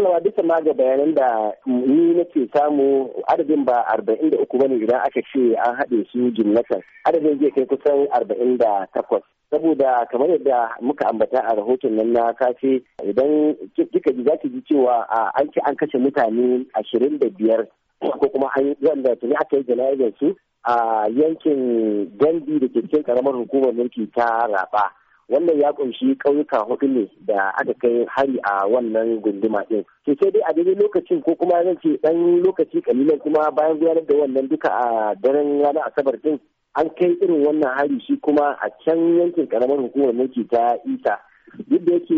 malama duka ma ga bayanan da ni nake samu adadin ba arba'in da uku bane idan aka ce an haɗe su jimlatan adadin zai kai kusan arba'in da takwas saboda kamar yadda muka ambata a rahoton nan na kace idan kika ji zaki ji cewa an ci an kashe mutane ashirin da biyar ko kuma an wanda tuni aka yi jana'izar su a yankin gandi da ke cikin karamar hukumar mulki ta raba wannan ya kunshi ƙauyuka hudu ne da aka kai hari a wannan gunduma ɗin ke sai dai a daidai lokacin ko kuma zan ce ɗan lokaci kalilan kuma bayan gudanar da wannan duka a daren ranar asabar din an kai irin wannan hari shi kuma a can yankin karamar hukumar mulki ta isa duk da yake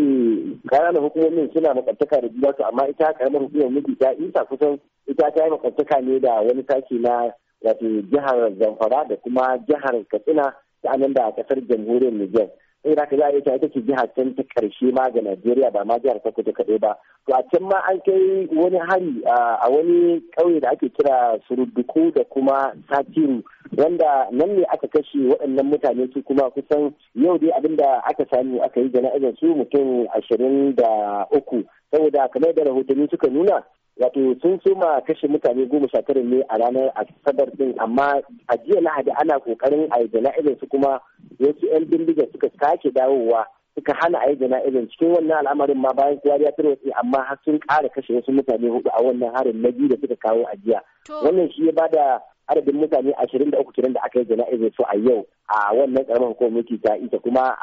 ƙananan hukumomin suna makantaka da juna su amma ita karamar hukumar mulki ta isa kusan ita ta yi makantaka ne da wani sashi na wato jihar zamfara da kuma jihar katsina ta da kasar jamhuriyar niger sai da za a yi ita ce jiha can ta karshe ma ga Najeriya ba ma jihar Sokoto kaɗai ba to a can ma an kai wani hari a wani ƙauye da ake kira surudduku da kuma Satiru wanda nan ne aka kashe waɗannan mutane su kuma kusan yau dai abinda aka samu aka yi jana'izar su mutum ashirin da uku saboda kamar da rahotanni suka nuna wato sun soma kashe mutane goma sha tara ne a ranar asabar din amma a jiya lahadi ana kokarin a yi jana'izar su kuma wasu yan bindiga suka sake dawowa suka hana a yi jana'izar cikin wannan al'amarin ma bayan kowa ya wasu amma har sun ƙara kashe wasu mutane hudu a wannan harin na biyu da suka kawo a jiya wannan shi ya bada adadin mutane ashirin da uku kiran da aka yi jana'izar su a yau a wannan karamar kwamiti ta ita kuma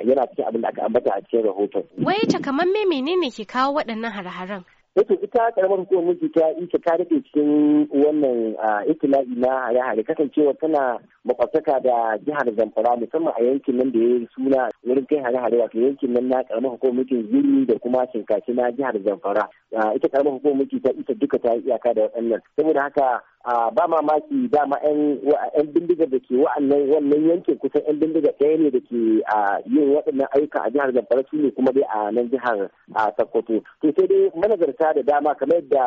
yana cikin abin da aka ambata a cikin rahoton. Wai takamamme menene ke kawo waɗannan hare-haren? yake eh ita karamar hukumar mulki ta ita ta rufe cikin wannan itila'i na hare-hare kasancewa tana makwabtaka da jihar Zamfara musamman a yankin nan da ya yi suna wurin kai hare-hare wato yankin nan na karamar hukumar mulkin zuri da kuma shinkashi na jihar Zamfara. Ita karamar hukumar mulki ta ita duka ta yi iyaka da waɗannan. Saboda haka a ba mamaki dama 'yan bindigar da ke wa'annan wannan yankin kusan 'yan bindiga ɗaya ne da ke yin waɗannan ayyuka a jihar zamfara su ne kuma dai a nan jihar sokoto to sai dai manazarta da dama kamar yadda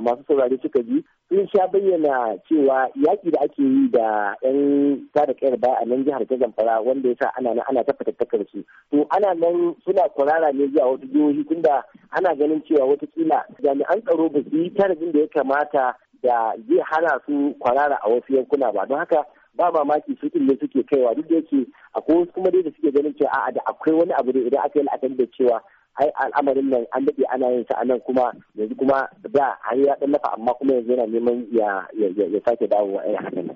masu saurari suka ji sun sha bayyana cewa yaƙi da ake yi da 'yan tada kayar baya a nan jihar ta zamfara wanda ya sa ana nan ana ta fatattakar su to ana nan suna kwarara ne zuwa wata jihohi tunda ana ganin cewa watakila jami'an tsaro ba su yi tarihin da ya kamata da zai hana su kwarara a wasu yankuna ba don haka ba mamaki su ne suke kaiwa duk da yake akwai wasu kuma dai da suke ganin cewa a da akwai wani abu da idan aka yi la'akari da cewa ai al'amarin nan an daɗe ana yin sa anan kuma yanzu kuma da har ya ɗan amma kuma yanzu yana neman ya sake dawowa irin hakan